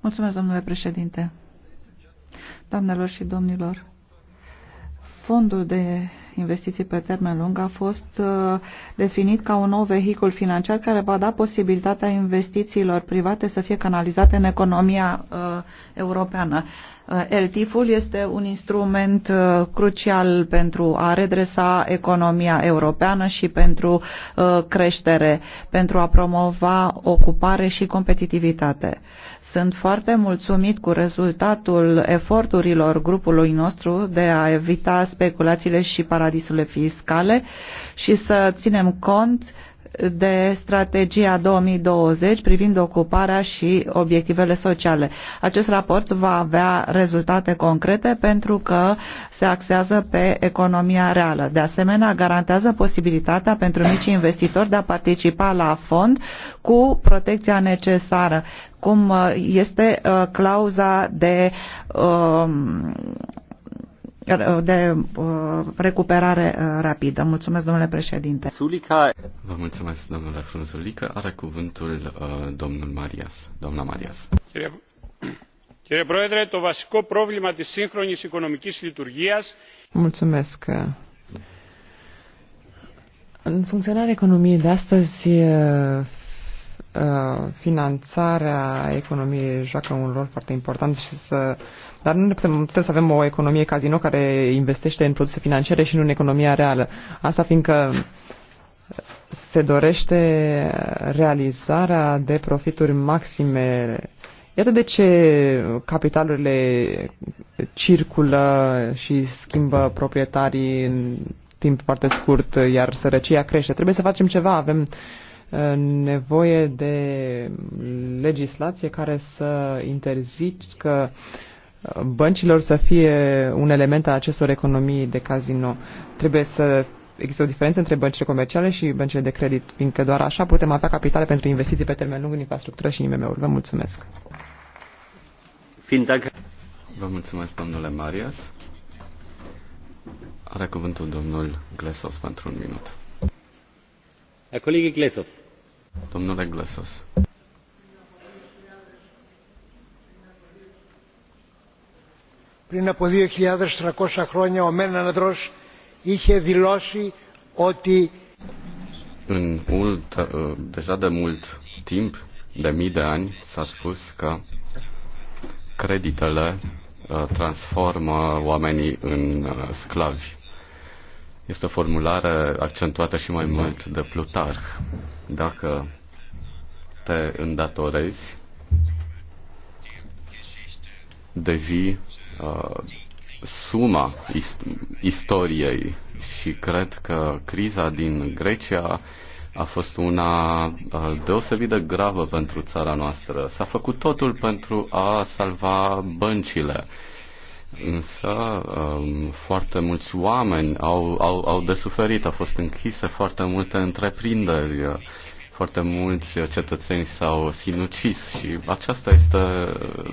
Mulțumesc, domnule președinte doamnelor și domnilor fondul de investiții pe termen lung a fost uh, definit ca un nou vehicul financiar care va da posibilitatea investițiilor private să fie canalizate în economia uh, europeană. Uh, LTIF-ul este un instrument crucial pentru a redresa economia europeană și pentru creștere, pentru a promova ocupare și competitivitate. Sunt foarte mulțumit cu rezultatul eforturilor grupului nostru de a evita speculațiile și paralizările paradisurile fiscale și să ținem cont de strategia 2020 privind ocuparea și obiectivele sociale. Acest raport va avea rezultate concrete pentru că se axează pe economia reală. De asemenea, garantează posibilitatea pentru mici investitori de a participa la fond cu protecția necesară, cum este uh, clauza de um, de uh, recuperare uh, rapidă. Mulțumesc, domnule președinte. Sulica. Vă mulțumesc, domnule Frunzulică. Are cuvântul uh, domnul Marias, doamna Marias. Κύριε Πρόεδρε, to vasico problema de σύγχρονης οικονομικής liturgias. Mulțumesc. În funcționarea economiei de astăzi, Uh, finanțarea economiei joacă un rol foarte important și să... Dar nu putem, putem să avem o economie casino care investește în produse financiare și nu în economia reală. Asta fiindcă se dorește realizarea de profituri maxime. Iată de ce capitalurile circulă și schimbă proprietarii în timp foarte scurt, iar sărăcia crește. Trebuie să facem ceva. Avem uh, nevoie de legislație care să interzică băncilor să fie un element al acestor economii de casino. Trebuie să există o diferență între băncile comerciale și băncile de credit, fiindcă doar așa putem avea capitale pentru investiții pe termen lung în infrastructură și IMM-uri. Vă mulțumesc! Vă mulțumesc, domnule Marias. Are cuvântul domnul Glesos pentru un minut. A colegii Glesos. Domnule Glăsos. Πριν από 2.300 χρόνια ο Μένανδρος είχε δηλώσει ότι în mult, uh, deja de mult timp, de mii de ani, s-a spus că creditele uh, transformă oamenii în uh, sclavi. Este o formulare accentuată și mai mult de Plutarh. Dacă te îndatorezi, devii uh, suma ist- istoriei și cred că criza din Grecia a fost una uh, deosebit de gravă pentru țara noastră. S-a făcut totul pentru a salva băncile. Uh, Însă um, foarte mulți oameni au, au, au de suferit, au fost închise foarte multe întreprinderi, foarte mulți cetățeni s-au sinucis și aceasta este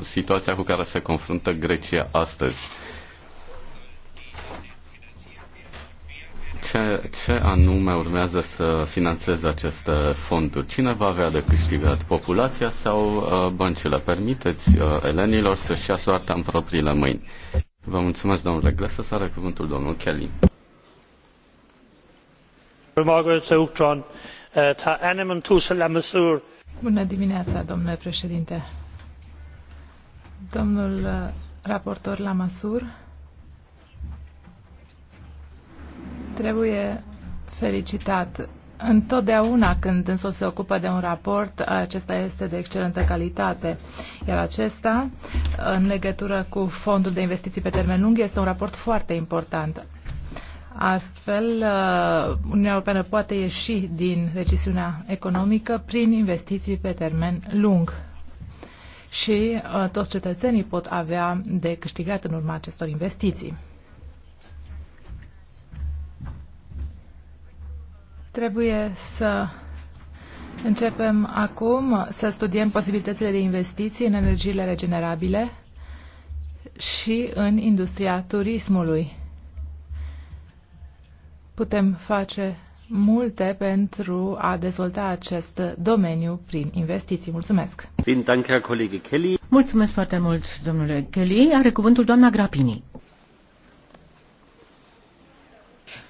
situația cu care se confruntă Grecia astăzi ce, ce anume urmează să financeze aceste fonduri? Cine va avea de câștigat? Populația sau uh, băncile? Permiteți uh, elenilor să-și ia soarta în propriile mâini. Vă mulțumesc, domnule Glesă, să are cuvântul domnul Kelly. Bună dimineața, domnule președinte. Domnul uh, raportor Lamasur, trebuie felicitat. Întotdeauna când însul se ocupă de un raport, acesta este de excelentă calitate. Iar acesta, în legătură cu fondul de investiții pe termen lung, este un raport foarte important. Astfel, Uniunea Europeană poate ieși din recesiunea economică prin investiții pe termen lung. Și uh, toți cetățenii pot avea de câștigat în urma acestor investiții. Trebuie să începem acum să studiem posibilitățile de investiții în energiile regenerabile și în industria turismului. Putem face multe pentru a dezvolta acest domeniu prin investiții. Mulțumesc! Mulțumesc foarte mult, domnule Kelly. Are cuvântul doamna Grapini.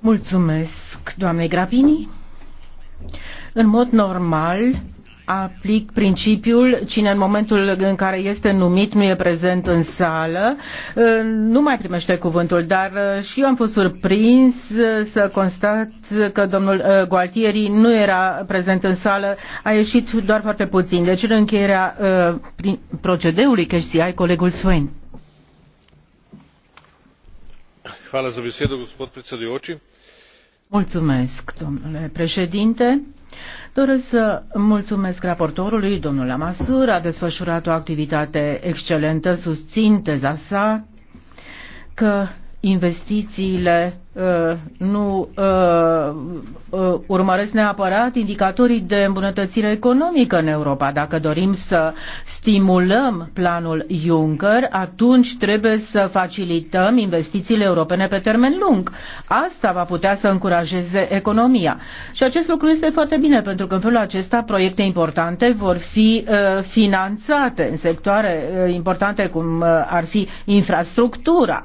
Mulțumesc, doamnei Gravini. În mod normal, aplic principiul cine în momentul în care este numit nu e prezent în sală, nu mai primește cuvântul, dar și eu am fost surprins să constat că domnul uh, Gualtieri nu era prezent în sală, a ieșit doar foarte puțin. Deci în încheierea uh, procedeului, că știai, colegul Swain. Mulțumesc, domnule președinte. Doresc să mulțumesc raportorului, domnul Lamasur, a desfășurat o activitate excelentă, susțin teza sa că investițiile Uh, nu uh, uh, urmăresc neapărat indicatorii de îmbunătățire economică în Europa. Dacă dorim să stimulăm planul Juncker, atunci trebuie să facilităm investițiile europene pe termen lung. Asta va putea să încurajeze economia. Și acest lucru este foarte bine, pentru că în felul acesta proiecte importante vor fi uh, finanțate în sectoare uh, importante cum uh, ar fi infrastructura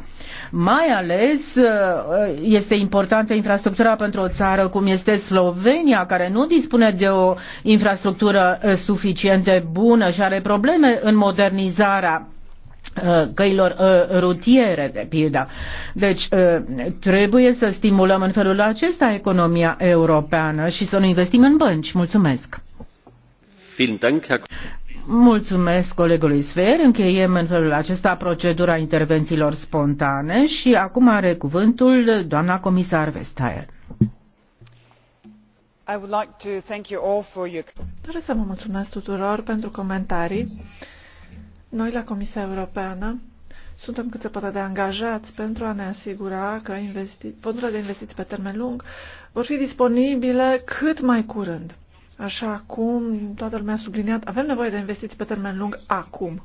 mai ales uh, este importantă infrastructura pentru o țară cum este Slovenia, care nu dispune de o infrastructură eh, suficient de bună și are probleme în modernizarea eh, căilor eh, rutiere, de pildă. Deci trebuie să stimulăm în felul acesta economia europeană și să nu investim în bănci. Mulțumesc! Mulțumesc colegului Sfer. Încheiem în felul acesta procedura intervențiilor spontane și acum are cuvântul doamna comisar Vestager. Like your... Doresc să vă mulțumesc tuturor pentru comentarii. Noi la Comisia Europeană suntem cât se poate de angajați pentru a ne asigura că investi... fondurile de investiții pe termen lung vor fi disponibile cât mai curând. Așa cum toată lumea a subliniat, avem nevoie de investiții pe termen lung acum.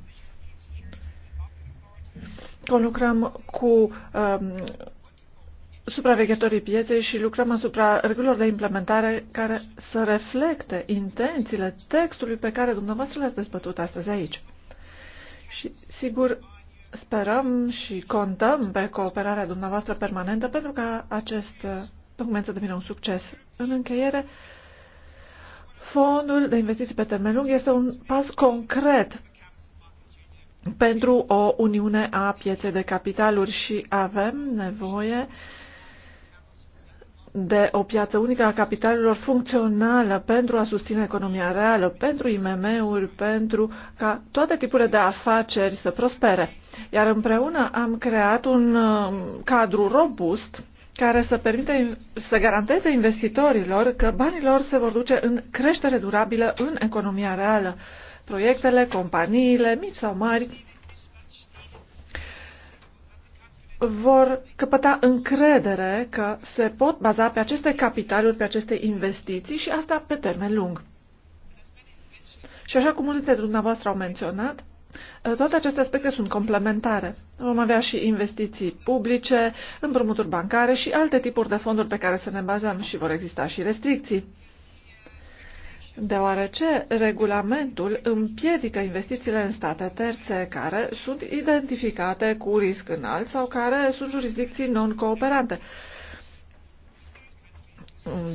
Conlucrăm cu um, supraveghetorii pieței și lucrăm asupra regulilor de implementare care să reflecte intențiile textului pe care dumneavoastră le-ați dezbătut astăzi aici. Și, sigur, sperăm și contăm pe cooperarea dumneavoastră permanentă pentru ca acest document să devină un succes. În încheiere, Fondul de investiții pe termen lung este un pas concret pentru o uniune a pieței de capitaluri și avem nevoie de o piață unică a capitalurilor funcțională pentru a susține economia reală, pentru IMM-uri, pentru ca toate tipurile de afaceri să prospere. Iar împreună am creat un uh, cadru robust care să permite să garanteze investitorilor că lor se vor duce în creștere durabilă în economia reală. Proiectele, companiile, mici sau mari, vor căpăta încredere că se pot baza pe aceste capitaluri, pe aceste investiții și asta pe termen lung. Și așa cum multe dintre dumneavoastră au menționat, toate aceste aspecte sunt complementare. Vom avea și investiții publice, împrumuturi bancare și alte tipuri de fonduri pe care să ne bazăm și vor exista și restricții. Deoarece regulamentul împiedică investițiile în state terțe care sunt identificate cu risc înalt sau care sunt jurisdicții non-cooperante.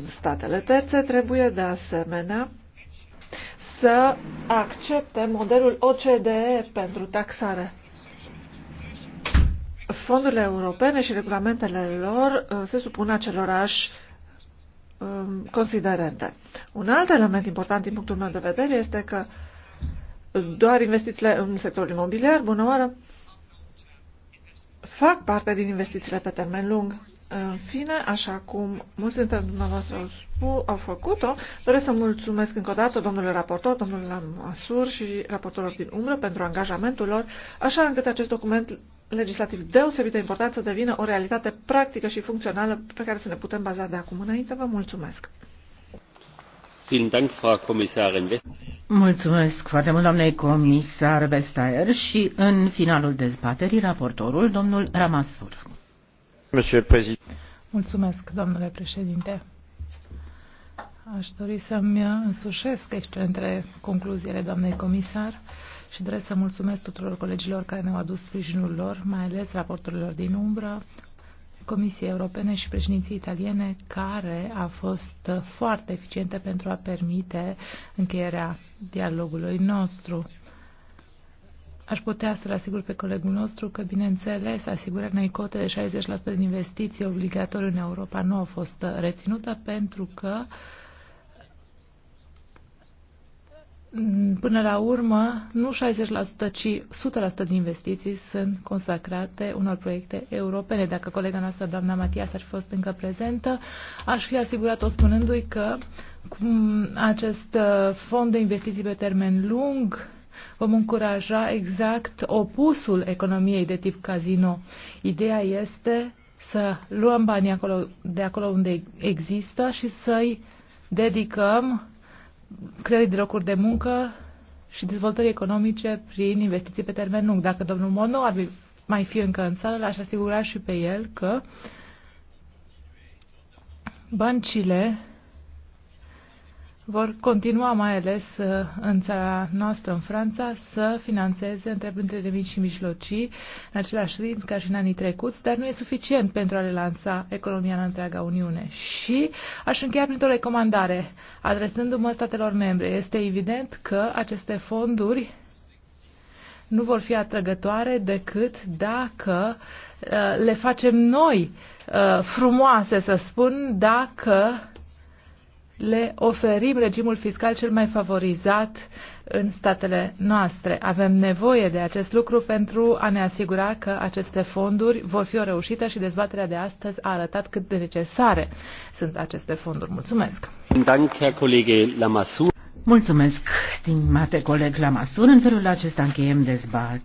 Statele terțe trebuie de asemenea să accepte modelul OCDE pentru taxare. Fondurile europene și regulamentele lor uh, se supun acelorași um, considerente. Un alt element important din punctul meu de vedere este că doar investițiile în sectorul imobiliar, bună oară, fac parte din investițiile pe termen lung. În fine, așa cum mulți dintre dumneavoastră au, spu, au făcut-o, doresc să mulțumesc încă o dată domnule raportor, domnul Lamasur și raportorilor din umbră pentru angajamentul lor, așa încât acest document legislativ deosebit de important să devină o realitate practică și funcțională pe care să ne putem baza de acum înainte. Vă mulțumesc! Mulțumesc foarte mult, doamnei comisar Vestager, și în finalul dezbaterii, raportorul, domnul Ramasur. Mulțumesc, domnule președinte. Aș dori să-mi însușesc excelentele concluziile doamnei comisar și doresc să mulțumesc tuturor colegilor care ne-au adus sprijinul lor, mai ales raporturilor din umbră, Comisiei Europene și președinției italiene, care a fost foarte eficientă pentru a permite încheierea dialogului nostru. Aș putea să-l asigur pe colegul nostru că, bineînțeles, asigurarea unei cote de 60% din investiții obligatorii în Europa nu a fost uh, reținută pentru că, mm, până la urmă, nu 60%, ci 100% din investiții sunt consacrate unor proiecte europene. Dacă colega noastră, doamna Matias, ar fi fost încă prezentă, aș fi asigurat-o spunându-i că acest uh, fond de investiții pe termen lung vom încuraja exact opusul economiei de tip casino. Ideea este să luăm banii acolo, de acolo unde există și să-i dedicăm creării de locuri de muncă și dezvoltării economice prin investiții pe termen lung. Dacă domnul Mono ar mai fi încă în țară, l-aș asigura și pe el că băncile vor continua, mai ales uh, în țara noastră, în Franța, să financeze întreprinderile mici și mijlocii în același ritm ca și în anii trecuți, dar nu e suficient pentru a relansa economia în întreaga Uniune. Și aș încheia printr-o recomandare, adresându-mă statelor membre. Este evident că aceste fonduri nu vor fi atrăgătoare decât dacă uh, le facem noi uh, frumoase, să spun, dacă le oferim regimul fiscal cel mai favorizat în statele noastre. Avem nevoie de acest lucru pentru a ne asigura că aceste fonduri vor fi o reușită și dezbaterea de astăzi a arătat cât de necesare sunt aceste fonduri. Mulțumesc! Mulțumesc, stimate coleg Lamasur. În felul acesta încheiem dezbaterea.